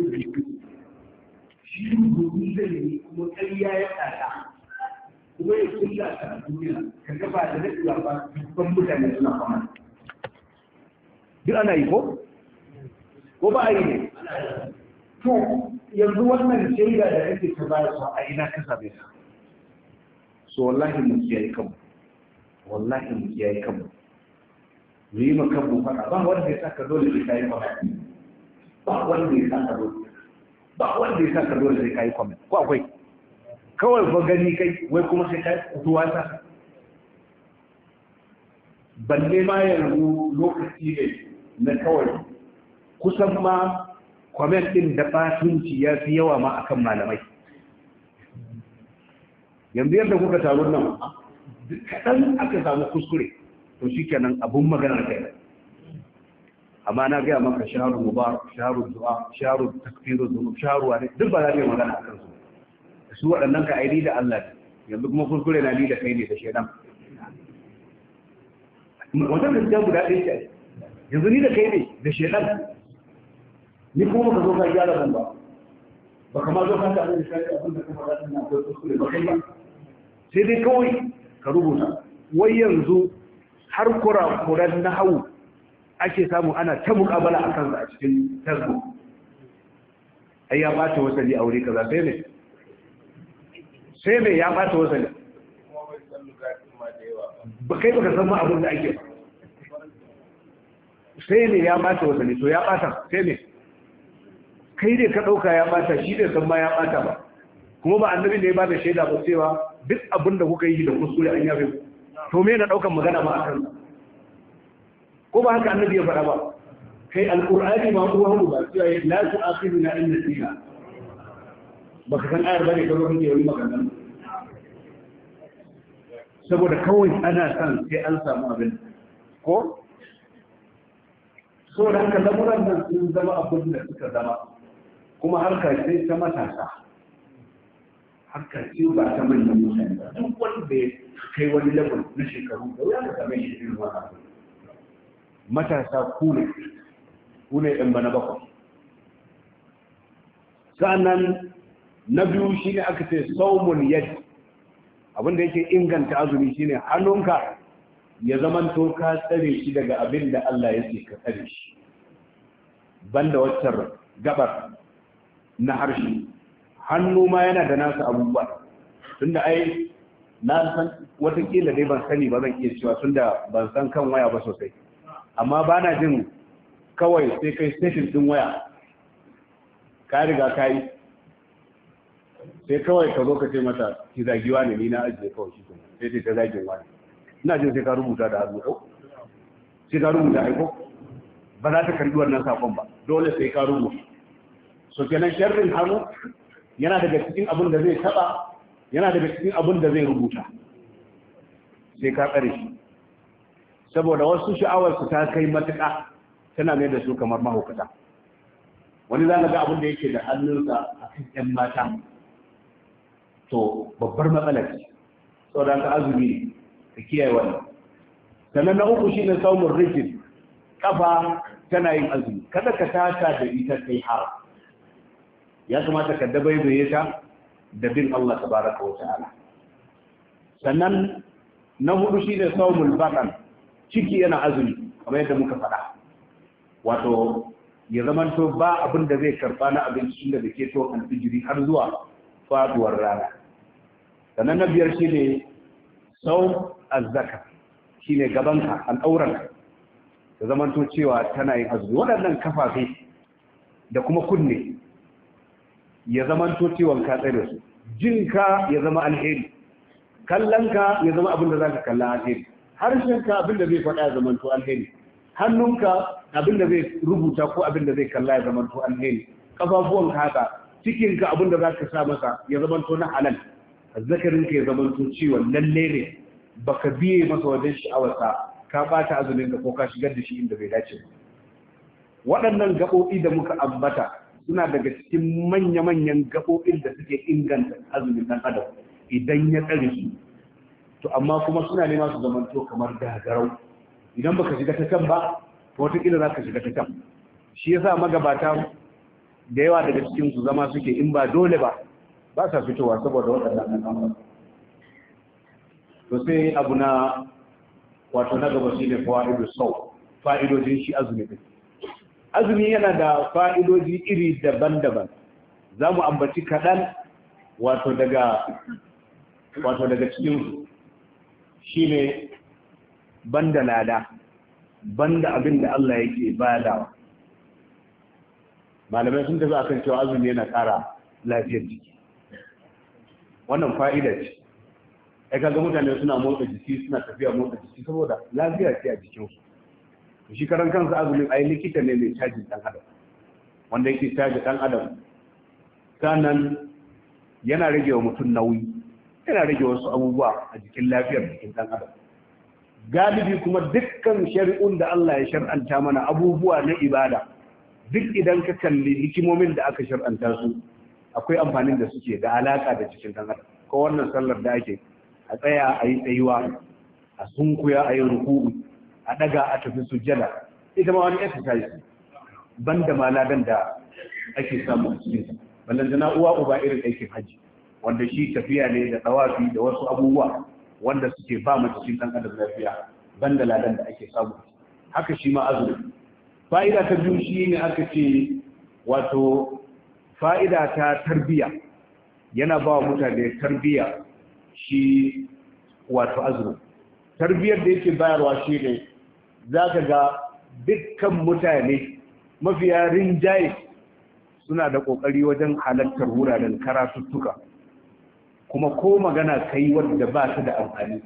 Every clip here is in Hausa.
mutum ya da ba duk ana yi ko ko ba a yi ne to yanzu wannan shaida da ta su a ina ka same ta so wallahi mu kiyaye kanmu wallahi mu kiyaye kanmu mu yi ma kanmu faɗa ba wanda ya saka dole sai ka yi faɗa ba wanda ya san dole ba wanda ya san ka da zai kai comment ko akwai kawai ba gani kai wai kuma sai kai duwa ta balle ma yanzu lokaci ne na kawai kusan ma comment din da fasunci ya fi yawa ma akan malamai yanzu yadda kuka taru nan kaɗan aka samu kuskure to shi kenan abun maganar kai أما أنا قاعد أمك شهر مبارك شهر الدعاء شهر التكفير الذنوب شهر وانا دل بلا دي مغانا أكثر سنة سوء أنك عيدي لألاك يبدوك مفروض كلنا لي لخيني تشيدام وانتم تتجاب بلا دي شيء يظني لخيني تشيدام نكون مكتوبة إيالة بمبارك بكما جوكا تعالي لشيء أقول لك أنا أقول لك مغانا سيدي كوي كروبونا وينزو حركرا قرن نحو ake samu ana ta mukabala a kansa a cikin tasbo ai ya bata wasali a wuri kaza sai ne sai ne ya bata wasali ba kai baka san ma abin da ake ba sai ne ya bata wasali to ya bata sai ne kai ne ka ɗauka ya bata shi ne san ma ya bata ba kuma ba annabi ne ya bada shaida ba cewa duk abin da kuka yi da kuskure an yafe to me na ɗaukan magana ma a kansa ko ba haka annabi ya faɗa ba kai alqur'ani ba uwa hudu ba cewa la tu'akhidna in nasina baka san ayar bane ka rubuta yayin magana saboda kawai ana san sai an samu abin ko saboda haka lamuran nan sun zama abin da suka zama kuma harka ce ta matasa harka ce ba ta manyan mutane duk wanda ya kai wani level na shekaru da wuya ka same shi irin wannan matasa ku ne ku ne ɗan bana bakwai sa'annan na biyu shi ne aka ce saumun yadda abinda yake inganta azumi shi ne. hannunka ya zamanto ka tsare shi daga abin da Allah yake ka tsare shi banda waccan gabar na harshe hannu ma yana da nasa abubuwa tunda ai na san watakila dai ban sani ba zan iya cewa tunda ban san kan waya ba sosai amma ba na jin kawai sai kai station din waya ka riga ka yi sai kawai ka zo ka ce mata ki zagiwa ne ni na ajiye kawai shi kuma sai ce ta zagin wani ina jin sai ka rubuta da hannu ko sai ka rubuta aiko ba za ta karbi wannan sakon ba dole sai ka rubuta so kenan sharrin hannu yana daga cikin abin da zai taba yana daga cikin abin da zai rubuta sai ka tsare shi saboda wasu sha'awarsu ta kai matuƙa tana mai da su kamar mahaukata wani za ga abin da yake da hannunsa a kan 'yan mata to babbar matsalar ce saboda ka azumi ka kiyaye wannan sannan na uku shine saumin rijin kafa tana yin azumi kada ka tata da ita kai har ya kamata ka zai ta da bin Allah tabaraka wa ta'ala sannan na hudu shine saumul bakan ciki yana azumi kamar yadda muka faɗa wato ya to ba abin da zai karɓa na abinci da ke to alfijiri har zuwa faduwar rana sannan na biyar shi ne sau azzaka shi ne gabanka al'auranka ya to cewa tana yin azumi waɗannan kafafe da kuma kunne ya to cewa ka tsare su jinka ya zama alheri kallonka ya zama abin da za ka kalla alheri harshenka abin da zai faɗa ya zamanto alheri hannunka abin da zai rubuta ko abin da zai kalla ya zamanto alheri kafafuwan haka cikinka abin da za ka sa masa ya zamanto na halal azzakarinka ya zamanto ciwon lalle ne baka biye masa wajen sha'awarsa ka bata azumin ka ko ka shigar da shi inda bai dace ba waɗannan gaɓoɓi da muka ambata suna daga cikin manya-manyan gaɓoɓin da suke inganta azumin ɗan adam idan ya tsare to amma kuma suna nema su to kamar gagarau idan baka shiga ta can ba to wataƙila za ka shiga ta can shi yasa magabata da yawa daga cikin su zama suke in ba dole ba ba sa fitowa saboda waɗannan al'amura to sai abu na wato na gaba shine fa'idu sau fa'idojin shi azumi din azumi yana da fa'idoji iri daban-daban za mu ambaci kaɗan wato daga wato daga cikin Shi ne ban da lada banda abin da Allah yake badawa malamai sun tafi kan cewa azumi yana kara lafiyar jiki wannan fa'ida ce ai kaga mutane suna motsa jiki suna tafiya motsa jiki saboda lafiya ce a jikinsu to shi karan kansa azumin ai likita ne mai cajin dan adam wanda yake caji ɗan adam sannan yana rage wa mutum nauyi yana rage wasu abubuwa a jikin lafiyar jikin ɗan adam galibi kuma dukkan shari'un da Allah ya shar'anta mana abubuwa na ibada duk idan ka kalli hikimomin da aka shar'anta su akwai amfanin da suke da alaka da jikin ɗan adam ko wannan sallar da ake a tsaya a yi tsayuwa a sunkuya a yi ruku'u a ɗaga a tafi sujjada ita ma wani exercise banda maladan da ake samu a cikin ballan uwa uba irin aikin hajji wanda shi tafiya ne da tsawafi da wasu abubuwa wanda suke ba mu cikin dan adam lafiya ban da ladan da ake samu haka shi ma azumi fa'ida ta biyu shi ne aka ce wato fa'ida ta tarbiya yana ba wa mutane tarbiya shi wato azumi tarbiyar da yake bayarwa shi ne za ka ga dukkan mutane mafiya rinjaye suna da ƙoƙari wajen halartar wuraren karatuttuka kuma ko magana kai wadda ba ta da amfani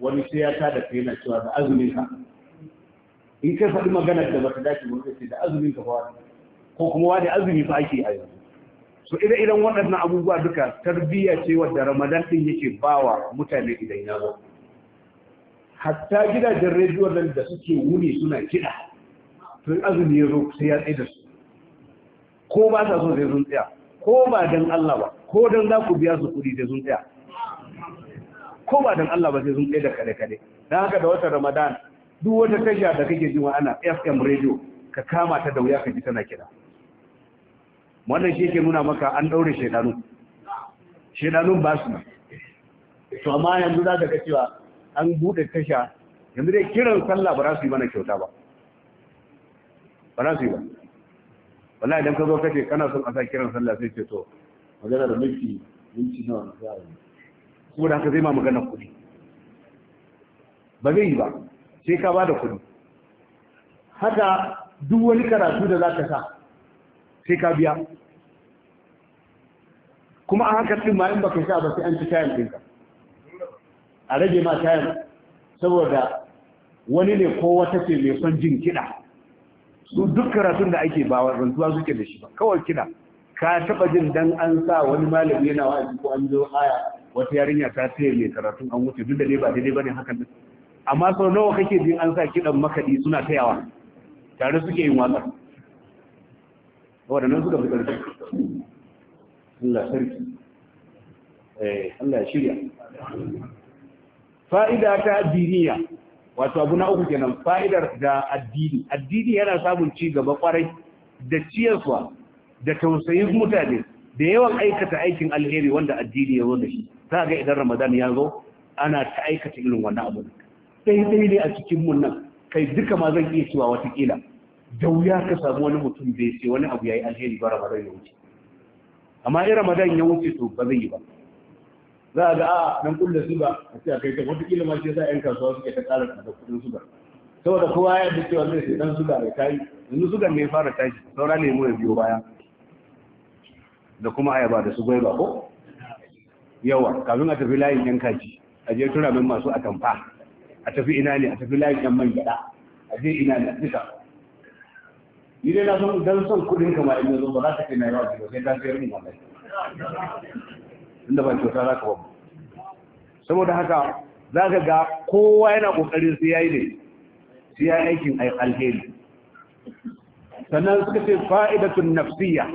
wani sai ya da kai yana cewa da azumin ka in ka faɗi maganar da bata dace ba sai da azumin ka fa ko kuma wani azumi fa ake a yanzu so ire iren waɗannan abubuwa duka tarbiyya ce wadda ramadan din yake bawa mutane idan ya zo hatta gidajen rediyo nan da suke wuni suna kiɗa to azumi ya zo sai ya tsaye da su ko ba sa so sai sun tsaya ko ba don Allah ba ko don za ku biya su kuɗi da sun tsaya ko ba don Allah ba sai sun tsaye da kade-kade don haka da wata ramadan duk wata tasha da kake jin wa ana fm radio ka kama ta da wuya ka ji tana kira wannan shi yake nuna maka an ɗaure shaidanu shaidanun ba su to amma yanzu za ka ga cewa an buɗe tasha yanzu dai kiran sallah ba za su yi mana kyauta ba ba za su yi ba wallahi idan ka zo kace kana son a sa kiran sallah sai ce to magana da miki minti nawa na za a yi da haka zai ma magana kuɗi ba zai yi ba sai ka ba da kuɗi haka duk wani karatu da za ka sa sai ka biya kuma a haka ɗin ma in baka sha ba sai an ci tayan ɗinka a rage ma tayan saboda wani ne ko wata ce mai son jin kiɗa su duk karatun da ake ba wa rantsuwa suke da shi ba kawai kina ka taba jin dan an sa wani malami yana wa'azi ko an zo aya wata yarinya ta taya mai karatun an wuce duk da ne ba daidai bane hakan din amma sau nawa kake jin an sa kidan makadi suna tayawa tare suke yin wasa wadannan suka fi da Allah sarki eh Allah shirya fa'ida ta diniya wato abu na uku kenan fa'idar da addini addini yana samun ci gaba kwarai da ciyarwa da tausayin mutane da yawan aikata aikin alheri wanda addini ya zo da shi za ga idan ramadan ya zo ana ta aikata irin wannan abu sai sai ne a cikin mun nan kai duka ma zan iya cewa watakila da wuya ka samu wani mutum bai sai wani abu ya yi alheri ba ramadan ya wuce amma in ramadan ya wuce to ba zai yi ba za a ga a dan kullum suga a ce a kai ta wataƙila ma shi sa yan kasuwa suke ta ƙara da kuɗin suga saboda kowa ya da cewa zai sai dan suga ne kai yanzu suga ne fara tashi saura ne mu ya biyo baya da kuma ayaba da su gwaiba ko yawa kafin a tafi layin yan kaji a je tura min masu atamfa a tafi ina ne a tafi layin yan man gyaɗa a je ina ne a duka ni dai na san dan son kuɗin kamar in yanzu ba za ka kai na yawa sai ka sayar min wannan inda ba kyauta za ka ba saboda haka za ka ga kowa yana ƙoƙarin sai ya yi ne sai ya yi aikin alheri sannan suka ce fa'idatun nafsiyya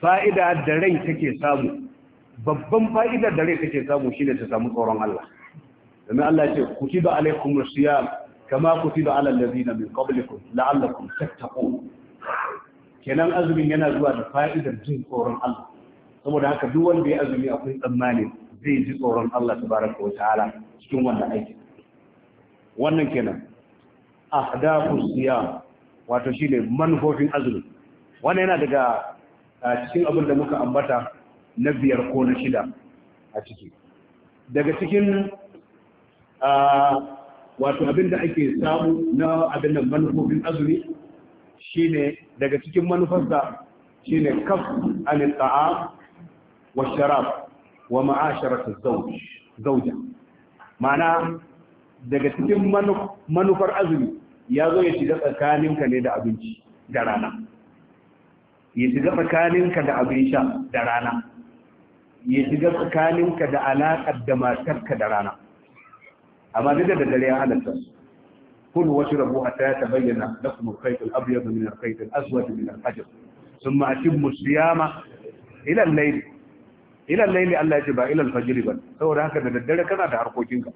fa'ida da rai take samu babban fa'ida da rai take samu shine ta samu tsoron Allah domin Allah ce kutiba alaikum siyam kama kutiba ala allazina min qablikum la'allakum tattaqun kenan azumin yana zuwa da fa'idar jin tsoron Allah saboda haka duk wanda ya azumi akwai tsammani zai ji tsoron Allah tabaraka wa ta'ala cikin wannan aiki wannan kenan ahdafu siya wato shine manufofin azumi wannan yana daga cikin abin da muka ambata na biyar ko na shida a ciki daga cikin wato abin da ake samu na abin da manufofin azumi shine daga cikin manufarsa shine kaf anil ta'am والشراب ومعاشرة الزوج زوجة معنى daga cikin manufar azumi ya zo ya shiga tsakaninka ne da abinci da rana ya shiga tsakaninka da abin sha da rana ya shiga tsakaninka da alaƙar da matarka da rana amma duk da dare ya halatta kun wasu rabu a ta ta bayyana da kuma kaitul abu yadda min alkaitul aswad min alhajjar sun ma'ashin musiyama ilan laili ila laili Allah ya ce ba ila fajiri ba saboda haka da daddare kana da harkokinka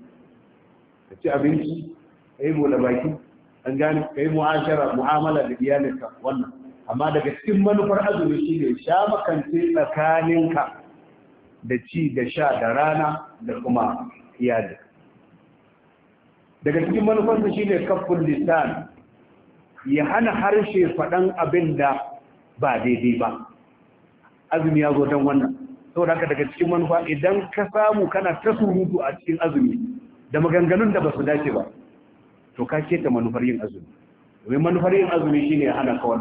ka ci abinci kai da baki an gani kai mu'ashara mu'amala da iyalinka wannan amma daga cikin manufar azumi shi ne sha makance tsakaninka da ci da sha da rana da kuma iyali daga cikin manufar shi ne kafin lisan ya hana harshe faɗan abin da ba daidai ba azumi ya zo don wannan saboda haka daga cikin manufa idan ka samu kana ta surutu a cikin azumi da maganganun da ba su dace ba to ka keta manufar yin azumi domin manufar yin azumi shine hana kawal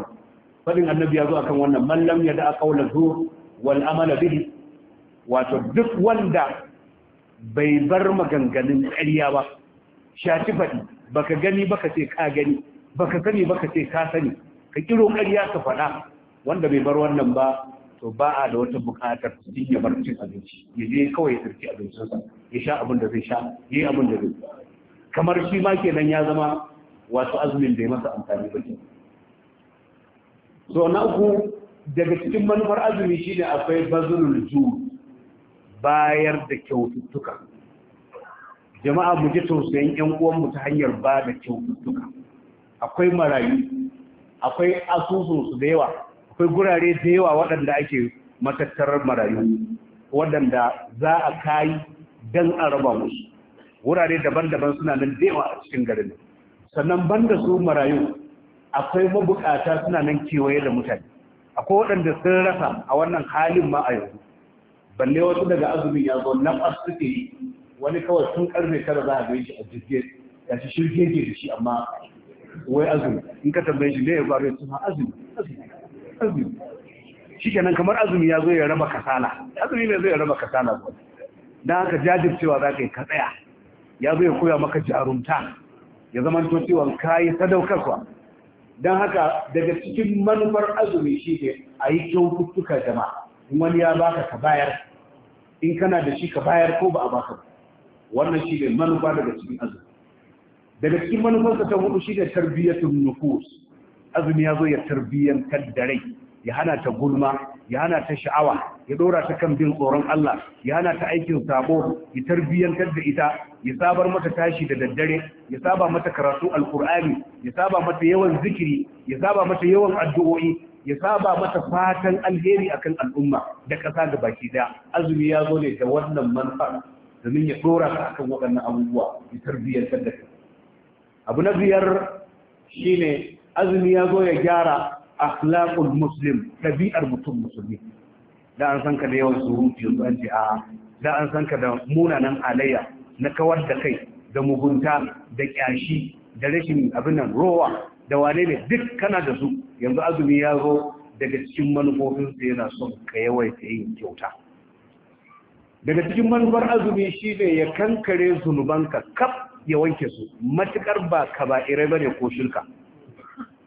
fadin annabi ya zo akan wannan man da a qawla zur wal amala bihi wato duk wanda bai bar maganganun ƙarya ba shafi faɗi baka gani baka ce ka gani baka sani baka ce ka sani ka kiro ƙarya ka faɗa wanda bai bar wannan ba to ba a da wata buƙatar cikin ya bar cin abinci ya je kawai ya tsirki abincinsa ya sha abin da zai sha ya yi abin da zai kamar shi ma kenan ya zama wasu azumin bai masa amfani ba so na uku daga cikin manufar azumi shi ne akwai bazulul ju bayar da kyaututtuka jama'a mu ji tausayin yan uwanmu ta hanyar ba da kyaututtuka akwai marayu akwai asusun su da yawa akwai gurare da yawa waɗanda ake matattarar marayu waɗanda za a kai don a raba musu wurare daban-daban suna nan da yawa a cikin garin sannan banda su marayu akwai mabukata suna nan kewaye da mutane akwai waɗanda sun rasa a wannan halin ma a yanzu balle wasu daga azumin ya zo na fas suke yi wani kawai sun karfe kada za a ga shi a jirgin ya shi shirge ke da shi amma wai azumi in ka tambaye shi ne ya faru ya ce ma azumi azumi shikenan kamar azumi ya zo ya raba kasala azumi ne zai ya raba kasala Don haka jajircewa za ka yi katsaya ya zo ya koya maka jarumta ya zama to cewa kayi sadaukarwa Don haka daga cikin manufar azumi shi ne a yi kyaututtuka jama'a in wani ya baka ka bayar in kana da shi ka bayar ko ba a baka ba wannan shi ne manufa daga cikin azumi daga cikin manufarsa ta hudu shi ne tarbiyyatun nufus azumi ya zo ya tarbiyyantar da rai ya hana ta gulma ya hana ta sha'awa ya dora ta kan bin tsoron Allah ya hana ta aikin sabo ya tarbiyyantar da ita ya sabar mata tashi da daddare ya saba mata karatu alkur'ani ya saba mata yawan zikiri ya saba mata yawan addu'o'i ya saba mata fatan alheri akan al'umma da ƙasa da baki daya azumi ya zo ne da wannan manfa domin ya dora ta akan waɗannan abubuwa ya tarbiyyantar da ka abu na biyar shine azumi ya zo ya gyara akhlaqul muslim ɗabi'ar mutum musulmi da an san ka da yawan surutu yanzu an ce a da an san ka da munanan alayya na kawar da kai da mugunta da kyashi da rashin abin nan rowa da wane ne duk kana da su yanzu azumi ya zo daga cikin manufofin sa yana son ka yawaita yin kyauta daga cikin manufar azumi shi ne ya kankare zunubanka kaf ya wanke su matukar ba ka irai bane ko shirka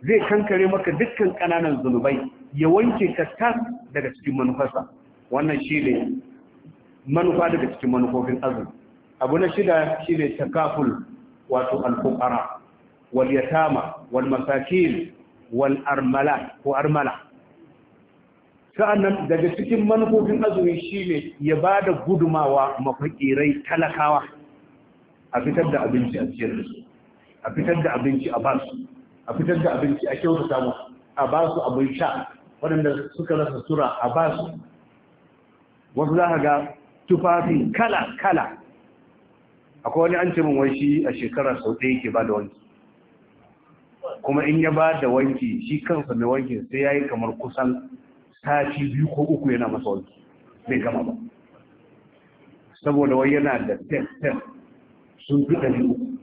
zai kankare maka dukkan ƙananan zunubai ya wanke ka tas daga cikin manufarsa wannan shi ne manufa daga cikin manufofin azumi abu na shida shi ne takaful wato alfukara wal yatama wal masakin wal armala ko armala sa'annan daga cikin manufofin azumi shi ne ya ba da gudumawa mafakirai talakawa a fitar da abinci a cikin su a fitar da abinci a basu a fitar da abinci a kyautata musu a ba su abin sha waɗanda suka rasa sura a ba su wasu za ka ga tufafi kala kala akwai wani an ce min wai shi a shekara sau ɗaya ke ba da wanki kuma in ya ba da wanki shi kansa mai wanki sai ya yi kamar kusan sati biyu ko uku yana masa wanki bai gama ba saboda wai yana da tef tef sun fi ɗari uku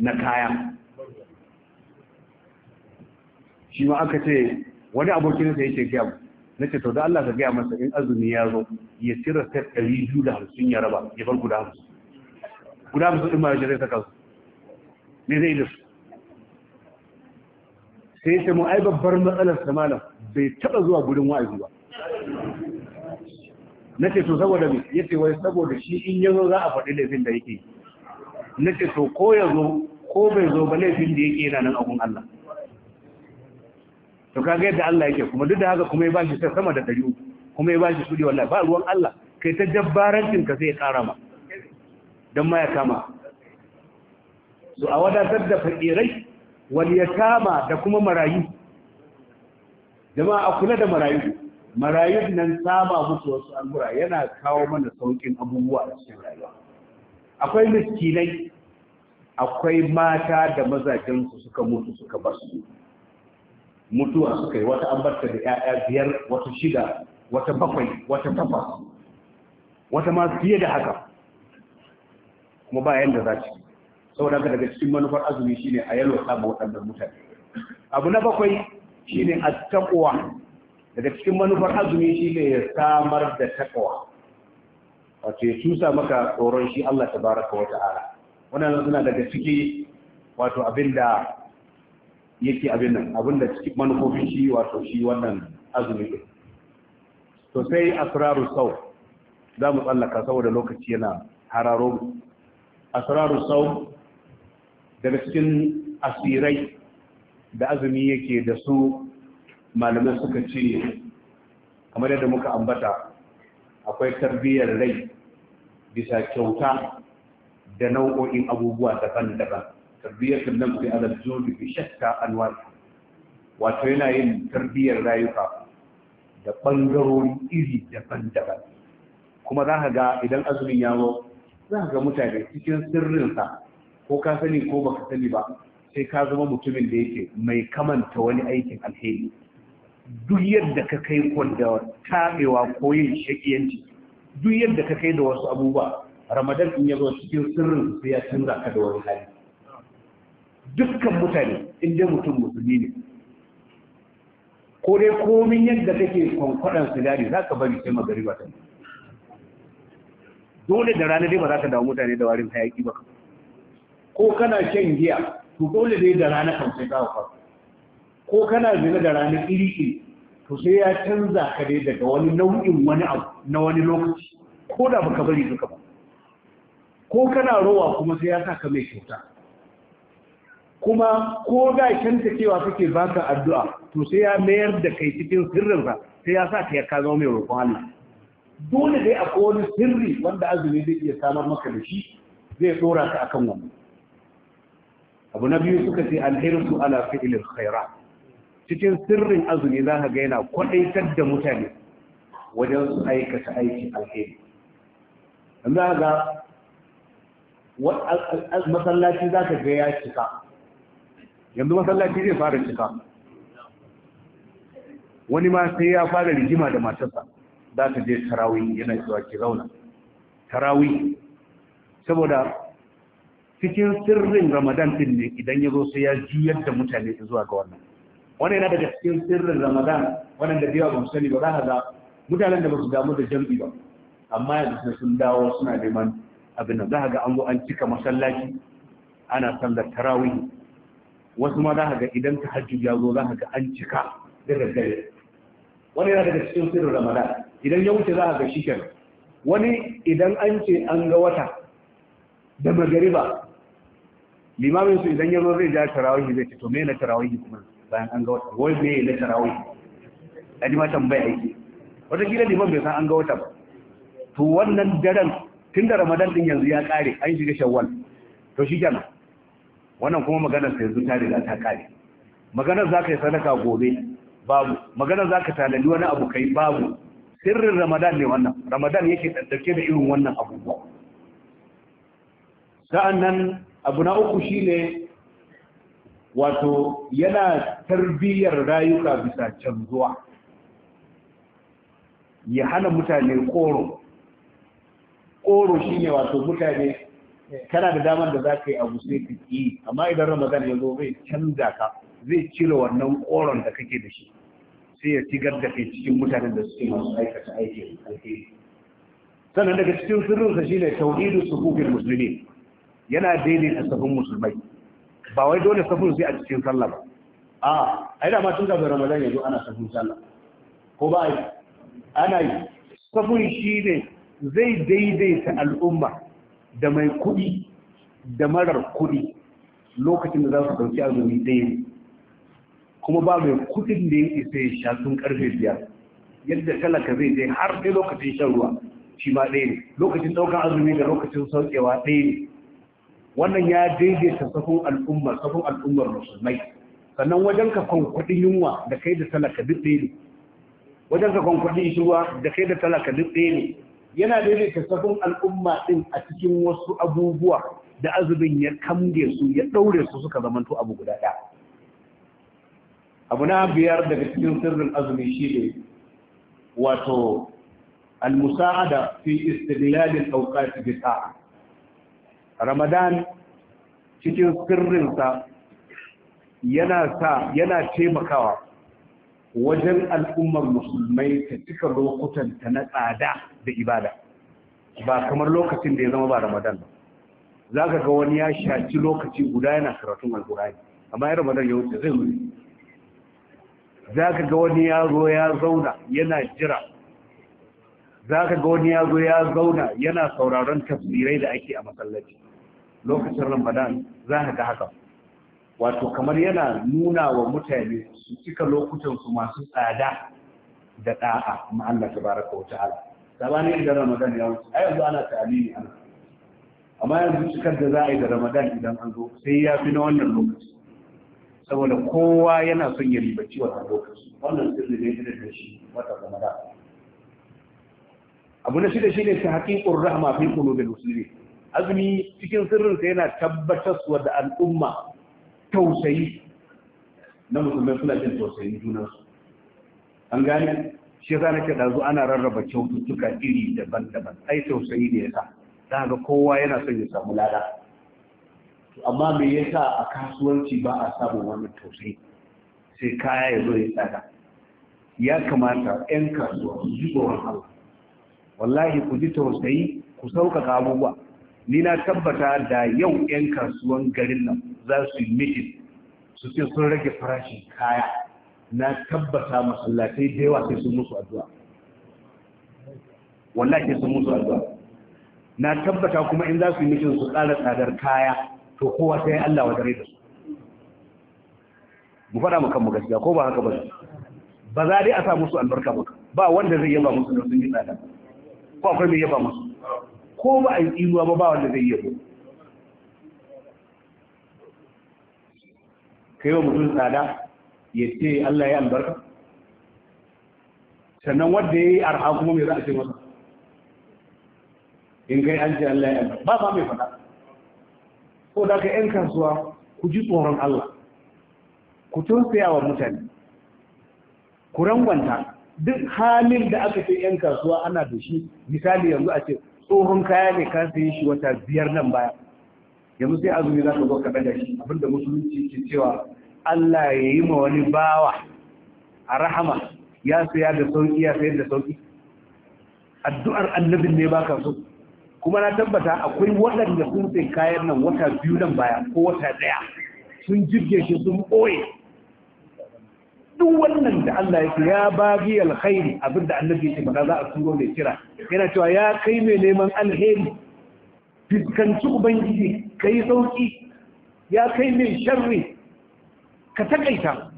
na kaya shi ma aka ce wani abokin sa yake gaya na ce to da Allah ka gaya masa in azumi ya zo ya cire ta ɗari biyu da hamsin ya raba ya bar guda hamsin guda hamsin ɗin ma ya zai saka su ne zai da su sai ce mu ai babbar matsalar sa malam bai taɓa zuwa gudun wa'azi ba na ce to saboda me ce wai saboda shi in yanzu za a faɗi laifin da yake yi na ce to ko ya zo ko bai zo ba laifin da yake yana nan abun Allah to kaga yadda Allah yake kuma duk da haka kuma ya bashi sai sama da dari kuma ya bashi sudi wallahi ba ruwan Allah kai ta jabbarancin ka sai ya kara ma dan ma ya kama so a wadatar da fakirai wal yatama da kuma marayu jama'a kula da marayu marayu nan saba musu wasu al'amura yana kawo mana saukin abubuwa a cikin rayuwa akwai miskinai akwai mata da mazajensu suka mutu suka basu mutuwa suka yi wata ambarta da 'ya'ya biyar wata shida wata bakwai wata takwas wata ma fiye da haka kuma ba yanda za ci saboda haka daga cikin manufar azumi shine a yalwa sama waɗannan mutane abu na bakwai shine at-taqwa daga cikin manufar azumi shine ya samar da taqwa wato ya cusa maka tsoron shi Allah ta wata wa ta'ala wannan suna daga ciki wato abinda yake abin nan abinda cikin manufofin shi wato shi wannan azumi ne. to sai asraru sau za mu tsallaka saboda lokaci yana hararo asraru sau daga cikin asirai da azumi yake da su malaman suka ce kamar yadda muka ambata akwai tarbiyyar rai bisa kyauta da nau'o'in abubuwa daban-daban tarbiyyatun nan fi alal zuhdi bi shakka anwar wato yana yin tarbiyyar rayuka da bangarori iri daban-daban kuma za ka ga idan azumin ya zo za ka ga mutane cikin sirrinsa ko ka sani ko baka sani ba sai ka zama mutumin da yake mai kamanta wani aikin alheri duk yadda ka kai kwanda taɓewa ko yin shakiyanci duk yadda ka kai da wasu abubuwa ramadan in ya zo cikin sirrin sai ya canza ka da wani hali dukkan mutane inda mutum musulmi ne ko dai komin yadda kake kwankwaɗan sigari za ka bari sai magari ba ta dole da rana dai ba za ka dawo mutane da warin hayaki ba ko kana shan giya to dole dai da rana kan sai ka ko kana zina da rana iri iri to sai ya canza ka dai daga wani nau'in wani abu na wani lokaci ko da baka bari duka ba ko kana rowa kuma sai ya sa ka mai kyauta kuma ko da canta cewa kake baka addu'a to sai ya mayar da kai cikin sirrinsa sai ya sa ka ya ka mai roƙon Allah dole dai akwai wani sirri wanda azumi zai iya samar maka da shi zai tsora ka akan wannan abu na biyu suka ce su ala fi'lil khairat cikin sirrin azumi za ka ga yana kwaɗaitar da mutane wajen su aikata aiki alheri za ga masallaci za ka ga ya cika yanzu masallaci zai fara cika wani ma sai ya fara rigima da matarsa za ka je tarawi yana zuwa ki zauna tarawi saboda cikin sirrin ramadan din ne idan ya zo sai ya juyar da mutane zuwa ga wannan wani yana daga cikin sirrin ramadan wannan da biya ba mu sani ba za ga mutanen da ba su damu da jam'i ba amma yanzu sun dawo suna neman abin nan za ga an zo an cika masallaci ana sallar tarawih wasu ma za ga idan ta hajji ya zo za ga an cika da daddare wani yana daga cikin sirrin ramadan idan ya wuce za ga shi wani idan an ce an ga wata da magariba limamin su idan ya zo zai ja tarawih zai ce to me na tarawih kuma bayan an ga wata wai me na tarawih ani ma tambaya aiki wata kila liman bai san an ga wata ba to wannan daren tun da ramadan din yanzu ya kare an shiga shawwal to shi kenan wannan kuma maganar sai yanzu ta riga ta kare maganar za ka yi sadaka gobe babu maganar za ka tanadi wani abu kai babu sirrin ramadan ne wannan ramadan yake ɗauke da irin wannan abubuwa sa'an nan abu na uku shine wato yana tarbiyyar rayuka bisa canzuwa ya hana mutane koro koro shine wato mutane kana da damar da za ka yi abu sai ka yi amma idan ramadan ya zo zai canza ka zai cire wannan koron da kake da shi sai ya shigar da kai cikin mutanen da suke masu aikata aikin alheri sannan daga cikin sirrinsa shine su sufuqil musulmi. yana daidaita sabbin musulmai ba wai dole safun sai a cikin sallah ba a ai da ma tun kafin ramadan yanzu ana safun sallah ko ba yi ana yi safun shi ne zai daidaita al'umma da mai kuɗi da marar kuɗi lokacin da za su ɗauki azumi ɗaya kuma ba mai kuɗin da ya isa ya sha sun karfe biyar yadda talaka zai je har sai lokacin shan ruwa shi ma ɗaya ne lokacin ɗaukar azumi da lokacin saukewa ɗaya ne wannan ya daidaita safin al'ummar safin al'ummar musulmai sannan wajen ka kwankwaɗi yunwa da kai da talaka duk ɗaya ne wajen ka kan yunwa da kai da talaka duk ɗaya ne yana daidaita safin al'umma ɗin a cikin wasu abubuwa da azumin ya kamge su ya ɗaure su suka to abu guda ɗaya abu na biyar daga cikin sirrin azumi shi ne wato al-musa'ada fi istidlalil awqat bi ta'a ramadan cikin sirrinsa yana sa yana taimakawa wajen al'ummar musulmai ta cika lokutanta na tsada da ibada ba kamar lokacin da ya zama ba ramadan ba za ka ga wani ya shaci lokaci guda yana karatun alkurani amma ya ramadan ya wuce zai wuce za ka ga wani ya zo ya zauna yana jira za ka ga wani ya zo ya zauna yana sauraron tafsirai da ake a masallaci lokacin ramadan za ka ga haka wato kamar yana nuna wa mutane su cika lokutan su masu tsada da da'a ma Allah tabaraka wa ta'ala sabani idan ramadan ya wuce ai yanzu ana ne ana amma yanzu cikar da za a yi da ramadan idan an zo sai ya fi na wannan lokaci saboda kowa yana son ya ribaci wannan lokaci wannan sirri ne da shi wata ramadan abu na shida shine ta haƙiƙun rahma fi da muslimin azumi cikin sirrinsa yana tabbatar tabbatarwa da al'umma tausayi na musulmai suna jin tausayin su an gane shi nake da ɗazu ana rarraba kyaututtuka iri daban-daban ai tausayi ne ya sa ga kowa yana son ya samu lada amma me yasa a kasuwanci ba a samun wannan tausayi sai kaya ya zo ya tsada ya kamata 'yan kasuwa su ji tsoron Allah wallahi ku ji tausayi ku sauƙaƙa abubuwa ni na tabbata da yau 'yan kasuwan garin nan za su yi mitin su ce sun rage farashin kaya na tabbata masallatai da yawa sai sun musu addu'a wallahi sun musu addu'a na tabbata kuma in za su yi mitin su ƙara tsadar kaya to kowa sai Allah wa dare da su mu faɗa mu kanmu gaskiya ko ba haka ba ba za dai a sa musu albarka ba ba wanda zai yaba musu da sun yi tsada ko akwai mai yaba musu ko ba a yi tsinuwa ba ba wanda zai yi kai wa mutum tsada ya ce Allah ya albarka sannan wanda ya yi arha kuma mai za a ce masa in kai an ce Allah ya albarka ba ba mai faɗa ko da ka 'yan kasuwa ku ji tsoron Allah ku tursaya wa mutane ku rangwanta duk halin da aka ce 'yan kasuwa ana da shi misali yanzu a ce tsohon kaya ne ka sayi shi wata biyar nan baya yanzu sai azumi za ka zo ka da shi abinda musulunci ke cewa Allah ya yi ma wani bawa a rahama ya saya da sauƙi, ya sayar da sauƙi. addu'ar annabin ne baka so kuma na tabbata akwai waɗanda sun sai kayan nan wata biyu nan baya ko wata ɗaya sun jirge shi sun ɓoye duk wannan da Allah yake ya bagi alkhairi abinda annabi yake ba za a turo mai kira yana cewa ya kai mai neman alheri fiskanci ubangiji kai sauki ya kai mai sharri ka takaita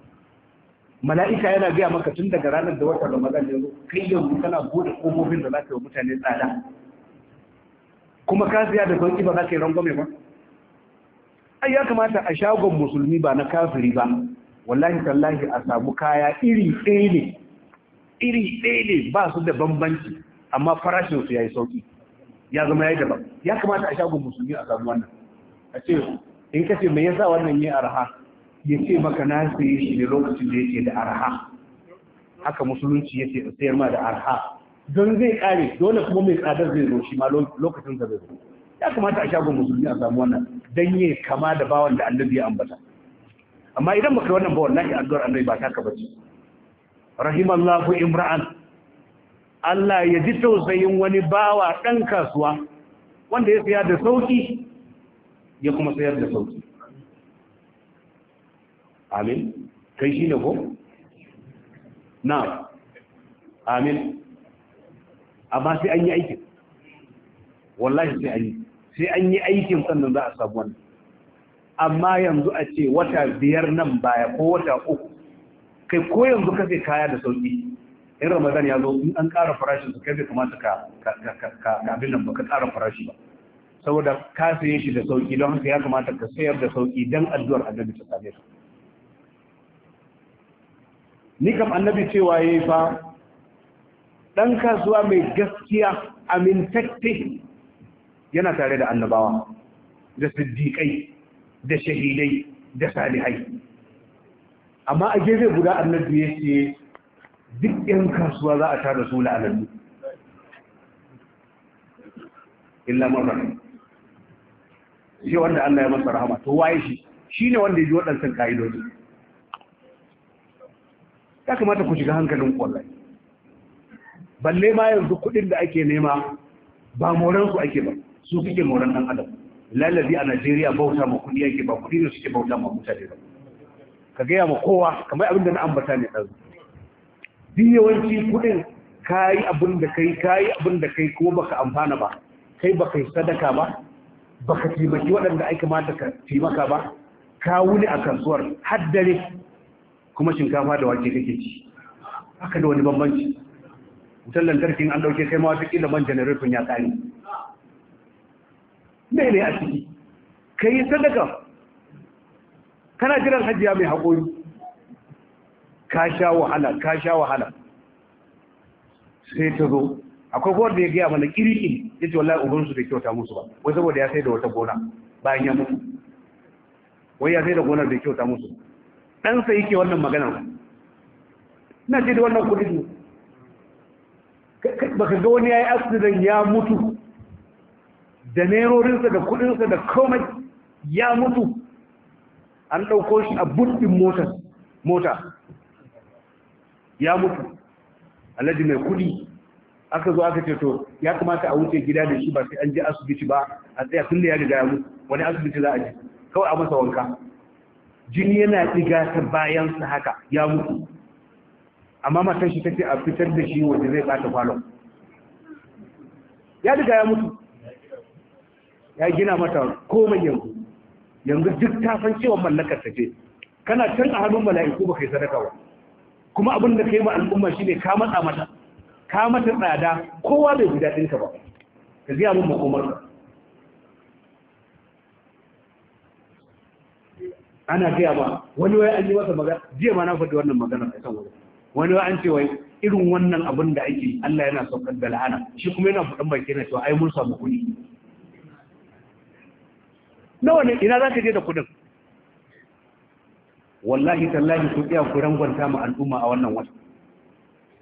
mala'ika yana gaya maka tun daga ranar da watan ramadan ya zo kai yanzu kana bude kofofin da zaka yi mutane tsada kuma ka siya da sauki ba za ka yi rangwame ba ai ya kamata a shagon musulmi ba na kafiri ba wallahi tallahi a samu kaya iri ɗaya ne iri ɗaya ne ba su da bambanci amma farashin su yayi sauki ya zama yayi daban ya kamata a shagon musulmi a samu wannan a ce in kace me yasa wannan yayi arha ya ce maka na sai shi ne lokacin da yake da arha haka musulunci ce a sayar ma da arha don zai kare dole kuma mai tsadar zai zo shi ma lokacin da zai zo ya kamata a shagon musulmi a samu wannan dan yayi kama da bawan da annabi ya ambata amma idan baka wannan ba wallahi addu'ar annabi ba taka bace rahimallahu imra'an Allah ya ji tausayin wani bawa dan kasuwa wanda ya saya da sauki ya kuma sayar da sauki amin kai shine ko na amin amma sai an yi aikin wallahi sai an yi sai an yi aikin sannan za a samu wannan amma yanzu a ce wata biyar nan baya ko wata uku kai ko yanzu ka sai kaya da sauki in ramadan ya zo in an ƙara farashin su kai bai kamata ka abin nan ba ka ƙara farashi ba saboda ka saye shi da sauki don haka ya kamata ka sayar da sauki don addu'ar annabi ta same ka ni kam annabi cewa yi fa dan kasuwa mai gaskiya amintacce yana tare da annabawa da siddiƙai da shahidai da salihai amma a gefe guda annabi ya ce duk yan kasuwa za a tara su la'anannu illa marar shi wanda Allah ya masa rahama to waye shi shine ne wanda ya ji waɗansan ƙa'idoji ya kamata ku shiga hankalin ƙwallon balle ma yanzu kuɗin da ake nema ba moransu ake ba su kike moran ɗan adam lalabi a najeriya bauta ma kudi yake ba kudi ne suke bauta ma mutane ba ka gaya ma kowa kamar abinda na ambata ne ɗan duk yawanci kudin ka yi abin da kai ka yi abin da kai ko baka amfana ba kai baka yi sadaka ba baka taimaki waɗanda ake kamata ka taimaka ba ka wuni a kasuwar haddare kuma shinkafa da wake kake ci haka da wani bambanci wutar lantarkin an ɗauke kai ma wata man ya ƙare ne ne a ciki ka yi sadaka kana jiran hajiya mai haƙori ka sha wahala ka sha wahala sai ta zo akwai kowar da ya gaya mana ƙiriƙi ya ce wallahi ubansu da kyauta musu ba wai saboda ya sai da wata gona bayan ya mutu wai ya sai da gonar da kyauta musu ɗansa yake wannan maganar na ce da wannan kudin ba ka ga wani ya yi asirin ya mutu da nerorinsa da kudinsa da komai ya mutu an ɗauko shi a buɗin mota ya mutu alhaji mai kudi aka zo aka ce to ya kamata a wuce gida da shi ba sai an je asibiti ba a tsaya tun da ya riga ya mutu wani asibiti za a je kawai a masa wanka jini yana ɗiga ta bayansa haka ya mutu amma matan shi take a fitar da shi wanda zai ɓata kwalon ya riga ya mutu ya gina mata komai yanzu yanzu duk ta san cewa mallakar ta ce kana can a hannun mala'iku ba kai sadaka ba kuma abin da kai ma al'umma shine ka matsa mata ka mata tsada kowa bai ji dadin ka ba ka ji abin makomar ka ana gaya ba wani wai an yi masa magana jiya ma na faɗi wannan magana a kan wani wani wai an ce wai irin wannan abin da ake Allah yana saukar da la'ana shi kuma yana faɗin bakin na cewa ai mun samu kuɗi nawa ne ina za ka je da kudin wallahi tallahi ku iya ku rangwanta mu al'umma a wannan wata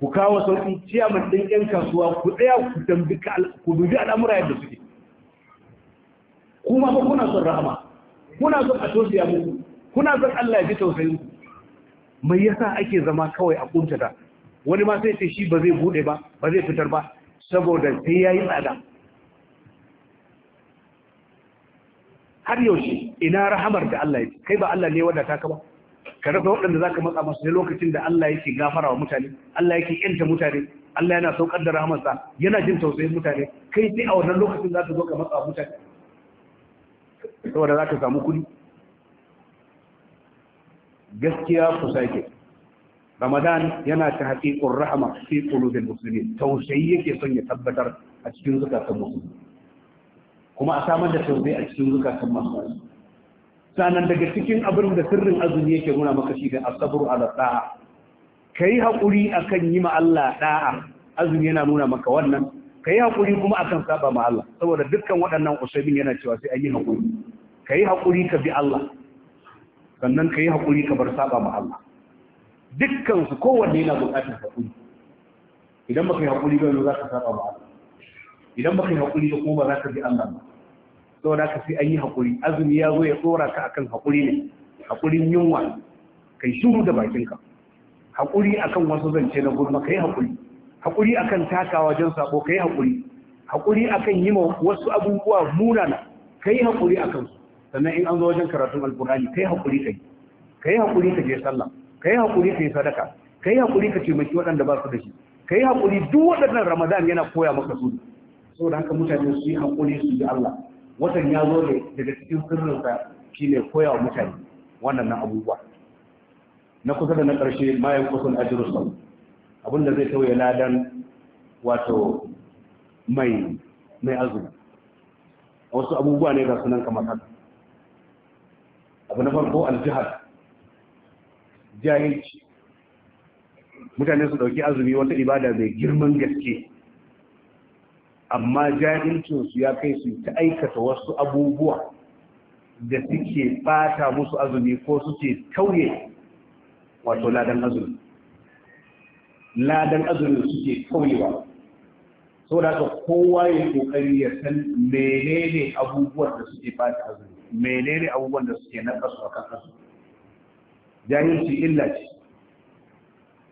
ku kawo sauƙi ciyaman ɗin ƴan kasuwa ku tsaya ku tambi ku dubi al'amura yadda suke kuma ba kuna son rahama kuna son a tosiya muku kuna son Allah ya ji tausayin ku mai yasa ake zama kawai a kuntata wani ma sai ce shi ba zai bude ba ba zai fitar ba saboda sai yayi tsada har yaushe ina rahamar da Allah yake kai ba Allah ne wadda ta ka ba ka rasa waɗanda za ka matsa masu ne lokacin da Allah yake gafara wa mutane Allah yake yanta mutane Allah yana saukar da rahamarsa yana jin tausayin mutane kai sai a wannan lokacin za ka zo ka matsa mutane saboda za ka samu kuɗi gaskiya ku sake Ramadan yana ta haƙiƙun rahama fi qulubil muslimin tausayi yake son ya tabbatar a cikin zukatan musulmi kuma a samar da tausayi a cikin zukatan masu azumi Sannan daga cikin abin da sirrin azumi yake nuna maka shi da asabru ala da'a kai hakuri akan yi ma Allah da'a azumi yana nuna maka wannan kai hakuri kuma akan saba ma Allah saboda dukkan waɗannan usaimin yana cewa sai an yi hakuri kai hakuri ka bi Allah sannan kai hakuri ka bar saba ma Allah dukkan su kowanne yana buƙatar hakuri idan baka yi hakuri ba za ka saba ma Allah idan baka yi hakuri ba kuma ba za ka bi Allah ba saboda ka sai an yi hakuri, azumi ya zo ya tsora ka akan haƙuri ne haƙurin yunwa kai shiru da bakinka haƙuri akan wasu zance na gurma kai haƙuri haƙuri akan takawa wajen sabo kai haƙuri haƙuri akan yi ma wasu abubuwa munana kai haƙuri akan su sannan in an zo wajen karatun alƙur'ani kai haƙuri kai kai haƙuri ka je sallah kai hakuri ka yi sadaka kai hakuri ka taimaki waɗanda ba su da shi kai hakuri duk waɗannan ramadan yana koya maka su saboda haka mutane su yi haƙuri su yi Allah watan ya zo ne daga cikin sirrinsa shi koya wa mutane wannan abubuwa na kusa da na ƙarshe mayan kusan abin abinda zai tauye ladan wato mai mai azumi wasu abubuwa ne ga sunan kamar haka abu na farko aljihar jahilci mutane su ɗauki azumi wata ibada mai girman gaske amma jahilcinsu ya kai su ta aikata wasu abubuwa da suke bata musu azumi ko suke tauye wato ladan azumi ladan azumi suke tauyewa saboda ka kowa ya kokari ya san menene abubuwan da suke bata azumi menene abubuwan da suke na kasu akan kasu jahilci illa ce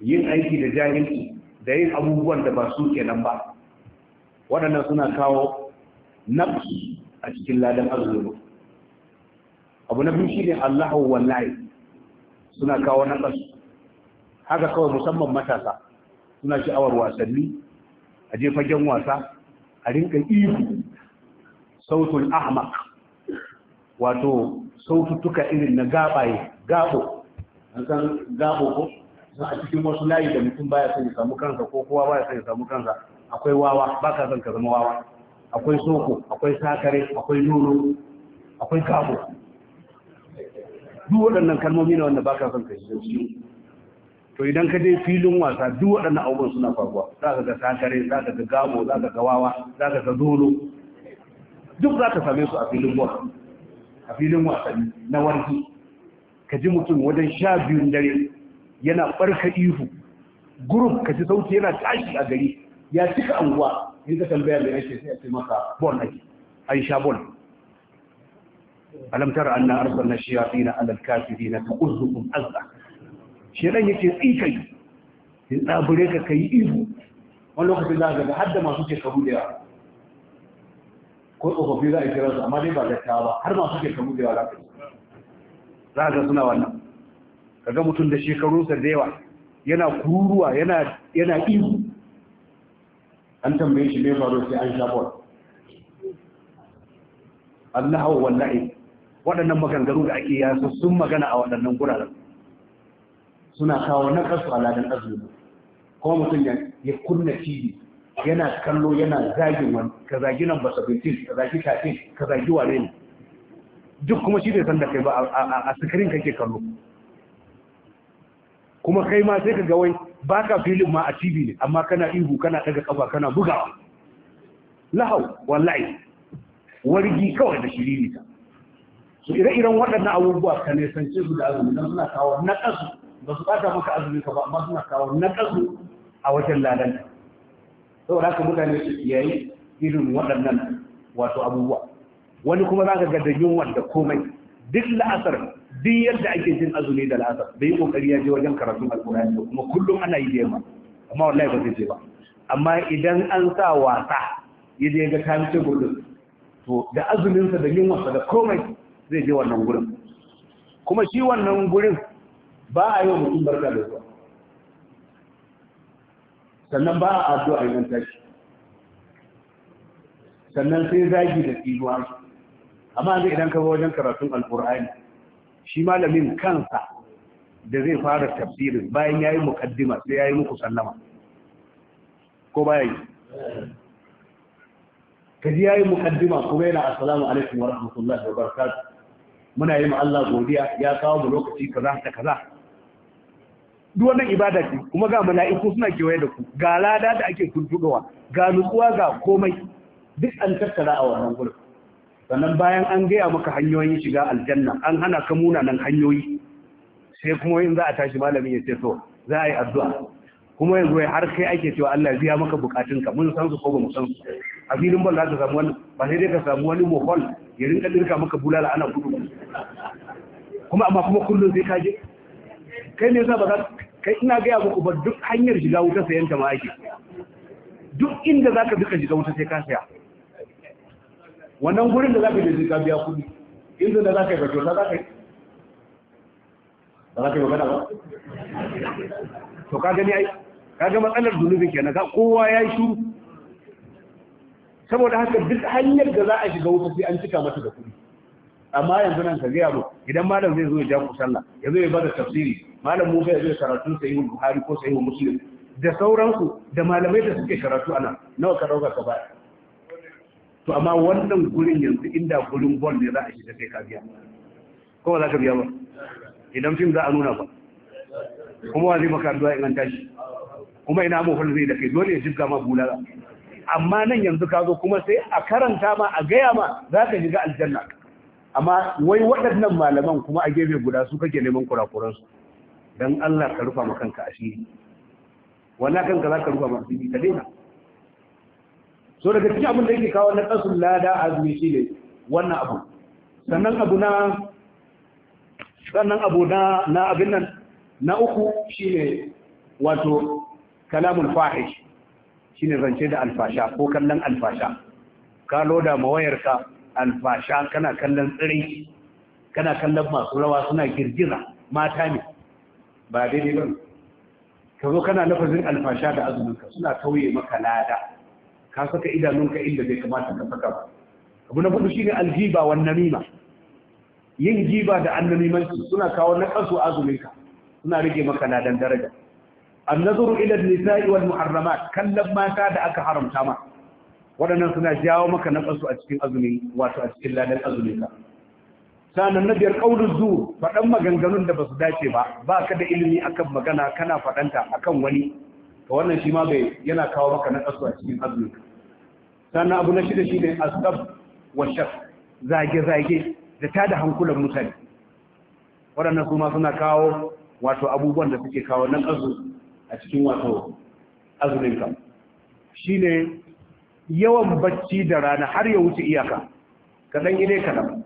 yin aiki da jahilci da yin abubuwan da ba su ke nan ba waɗannan suna kawo nafsi a cikin ladan azumi abu na biyu shine Allahu wallahi suna kawo nafas haka kawai musamman matasa suna sha'awar wasanni a je fagen wasa a rinka ihu sautul ahmaq wato saututtuka irin na gabaye gabo an san gabo ko a cikin wasu layi da mutum baya son ya samu kansa ko kowa baya son ya samu kansa akwai wawa ba ka son ka zama wawa akwai soko akwai sakare akwai nono akwai kabo duk waɗannan kalmomi ne wanda ba ka son ka shi to idan ka je filin wasa duk waɗannan abubuwan suna faruwa za ka ga sakare za ka ga gabo za ka ga wawa za ka ga nono duk za ka same su a filin wasa a filin wasa na warki ka ji mutum wajen sha biyun dare yana ɓarka ihu gurum ka ji sauti yana tashi a gari ya cika anguwa in ka tambaya mai ake sai a ce maka bon ki an sha bon alam tara anna arsalna shayatin ala alkafirin ta'uzukum azza shedan yake tsikai in tsabure ka kai ihu wani lokacin za ga har da masu shekaru da yawa ko tsofaffi za a kira su amma dai ba ta ba har masu shekaru da yawa za ka yi za ka suna wannan kaga mutum da shekarunsa da yawa yana kururuwa yana ihu an tambaye shi mai faru sai an sha Allah Allah wallahi waɗannan maganganu da ake yasa sun magana a waɗannan guraren suna kawo na kasu aladan azumi kuma mutum ya kunna tv yana kallo yana zagin wani ka zagi nan ba sabintin ka zagi kafin ka zagi wane duk kuma shi zai san da kai ba a sikirin kake kallo kuma kai ma sai ka ga wai ba ka filin ma a tv ne amma kana ihu kana daga kafa kana bugawa lahau wallahi wargi kawai da shiriri ta su ire-iren waɗannan abubuwa ka ne san su da azumi don suna kawo na ƙasu ba su ɓata maka azumi ka ba amma suna kawo na ƙasu a wajen ladan da aka mutane su yayi irin waɗannan wato abubuwa wani kuma za ka ga da yunwan da komai duk la'asar duk yadda ake jin azumi da la'asar bai yi kokari ya je wajen karatun alkurani ba kuma kullum ana yi jema amma wallahi ba zai je ba amma idan an sa wasa ya je ga kayan tebur to da azuminsa da yunwarsa da komai zai je wannan gurin kuma shi wannan gurin ba a yi wa mutum barka da zuwa sannan ba a addu'a yin tashi sannan sai zagi da tsinuwa amma zai idan ka wajen karatun alkur'ani shi malamin kansa da zai fara tafsirin bayan ya yi mukaddima sai ya yi muku sallama ko bayan yi ka ji ya yi mukaddima kuma yana assalamu alaikum wa rahmatullahi wa barakatuh muna yi ma Allah godiya ya kawo mu lokaci kaza ta kaza duk wannan ibada ce kuma ga mala'iku suna kewaye da ku ga lada da ake tuntuɗowa ga nutsuwa ga komai duk an tattara a wannan gurin sannan bayan an gaya maka hanyoyin shiga aljanna an hana ka munanan hanyoyi sai kuma in za a tashi malamin ya ce so, za a yi addu'a kuma yanzu har kai ake cewa Allah biya maka ka mun san su ko ba mu san su a filin ball za ka samu wani ba sai dai ka samu wani mohol ya rinka dirka maka bulala ana gudu kuma amma kuma kullum sai ka je kai ne yasa ba za kai ina gaya muku ba duk hanyar shiga wuta sayan ta ma ake duk inda za ka duka shiga wuta sai ka saya wannan gurin da za ka je ka biya kuɗi inda da za ka yi fato za ka yi ba za ka yi magana ba to ka gani ai ka ga matsalar zunubin kenan ka kowa ya yi shuru saboda haka duk hanyar da za a shiga wuta sai an cika mata da kuɗi amma yanzu nan ka gaya mu idan malam zai zo ya ja ku sallah ya zo ya bada tafsiri malam Musa ya zo ya karatu sahihul Buhari ko sai sahihul Muslim da sauransu da malamai da suke karatu ana nawa ka dauka ka baya to amma wannan gurin yanzu inda gurin bol ne za a shiga kai ka biya ko za ka biya ba idan fim za a nuna ba kuma wa zai maka addu'a in an tashi kuma ina mu hulzai da kai dole ya jibga ma bulala amma nan yanzu ka zo kuma sai a karanta ma a gaya ma za ka shiga aljanna amma wai waɗannan malaman kuma a gefe guda su kake neman kurakuransu don Allah ka rufa ma kanka asiri wannan kanka za ka rufa ma asiri ka daina so daga cikin abin da yake kawo na kasul lada azumi shi ne wannan abu sannan abu na sannan abu na na abin nan na uku shi ne wato kalamul fahish ne zance da alfasha ko kallon alfasha ka loda mawayarka alfasha kana kallon tsirai kana kallon masu rawa suna girgiza mata ne ba daidai ba ka zo kana lafazin alfasha da azuminka suna tauye maka lada ka saka idanunka inda bai kamata ka saka ba abu na hudu shine aljiba wan namima yin jiba da annamimanci suna kawo naqasu azuminka suna rage maka ladan daraja nazuru ila nisai wal muharramat kallon mata da aka haramta ma waɗannan suna jawo maka naqasu a cikin azumi wato a cikin ladan azuminka sanan na biyar qaulul zu faɗan maganganun da basu dace ba ba ka da ilimi akan magana kana faɗanta akan wani to wannan shi ma bai yana kawo maka naqasu a cikin azuminka sannan abu na shida shi ne asab wa shaf zage zage da ta da hankulan mutane waɗannan su suna kawo wato abubuwan da suke kawo nan azu a cikin wato azumin Shi ne yawan bacci da rana har ya wuce iyaka kaɗan yi dai kaɗan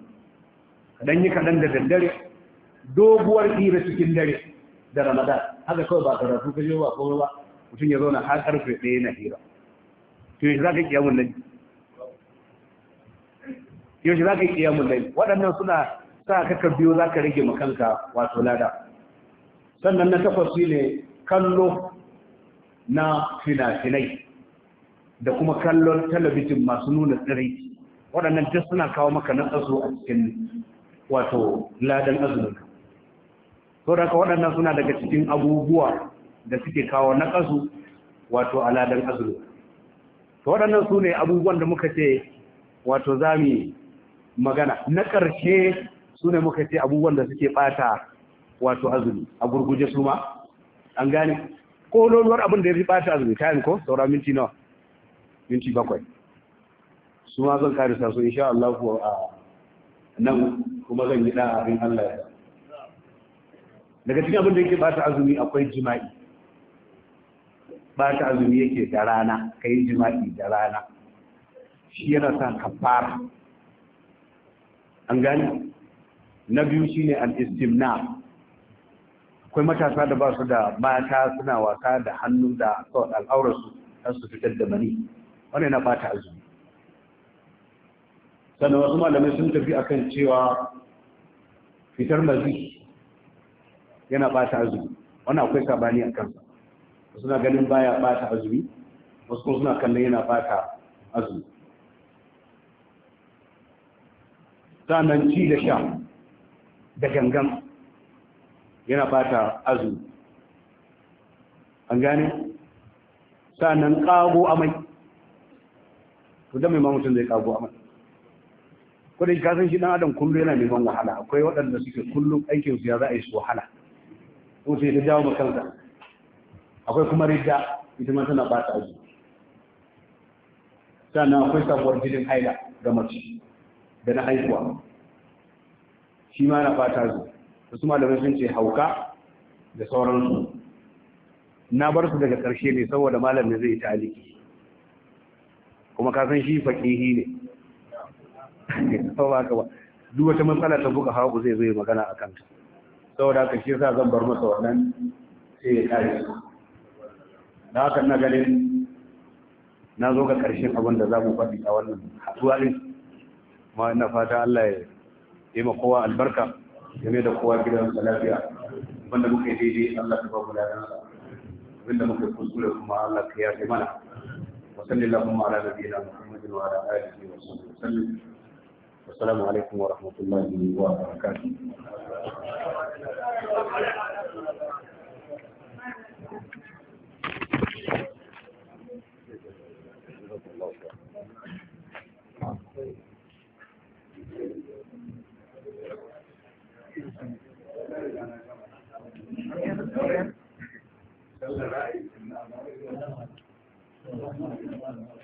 kaɗan yi kaɗan da daddare doguwar ira cikin dare da ramadan haka kawai ba karatu ka je ba komai ba mutum ya zauna har karfe ɗaya na hira yau za ka yi kiyamun laili za ka yi kiyamun laili waɗannan suna sa ka biyu za ka rage ma kanka wato lada sannan na takwas ne kallo na fina-finai da kuma kallon talabijin masu nuna tsiraici waɗannan duk suna kawo maka na tsaso a cikin wato ladan azumin so da waɗannan suna daga cikin abubuwa da suke kawo na tsaso wato a ladan azumin to waɗannan su ne abubuwan da muka ce wato za mu magana na ƙarshe su ne muka ce abubuwan da suke ɓata wato azumi a gurguje su ma an gane ko lolowar abin da ya fi ɓata azumi kayan ko saura minti nawa minti bakwai su ma zan sa su insha Allah ko a nan kuma zan yi ɗa abin Allah ya daga cikin abin da yake ɓata azumi akwai jima'i ba shi azumi yake da rana ka jima'i da rana shi yana san kafara an gani na biyu shine al-istimna akwai matasa da basu da mata suna wasa da hannu da al'aurarsu don su fitar da mani wani na bata azumi sannan wasu malamai sun tafi akan cewa fitar mazi yana bata azumi wani akwai sabani a kansa suna ganin baya bata azumi wasu kuma suna kallon yana bata azumi sannan ci da sha da gangan yana bata azumi an gane sannan kago amai to da mai mutum zai kago amai kudin kasan shi dan adam kullum yana neman wahala akwai waɗanda suke kullum aikinsu ya za a yi su wahala ko sai ta jawo makansa akwai kuma ridda ita mata tana bata aji sannan akwai sabuwar jinin haila ga mace da na haihuwa shi ma na bata su wasu malamai sun ce hauka da sauransu na bar su daga ƙarshe ne saboda malam ne zai ta aliki. kuma ka san shi faƙihi ne duk wata matsala ta buga haku zai zai magana a kanta saboda haka shi sa zan bar masa wannan sai ya kare su da haka na ganin na zo ga ƙarshen abin da za mu faɗi a wannan haɗuwa ne ma ina fata Allah ya yi ma kowa albarka game da kowa gidan lafiya wanda muka yi daidai Allah ta babu lafiya wanda muka yi kuskure kuma Allah ka yafe mana wa sallallahu ala nabiyina Muhammadin wa ala alihi wa sallam assalamu alaikum wa rahmatullahi wa sallar ra'ayi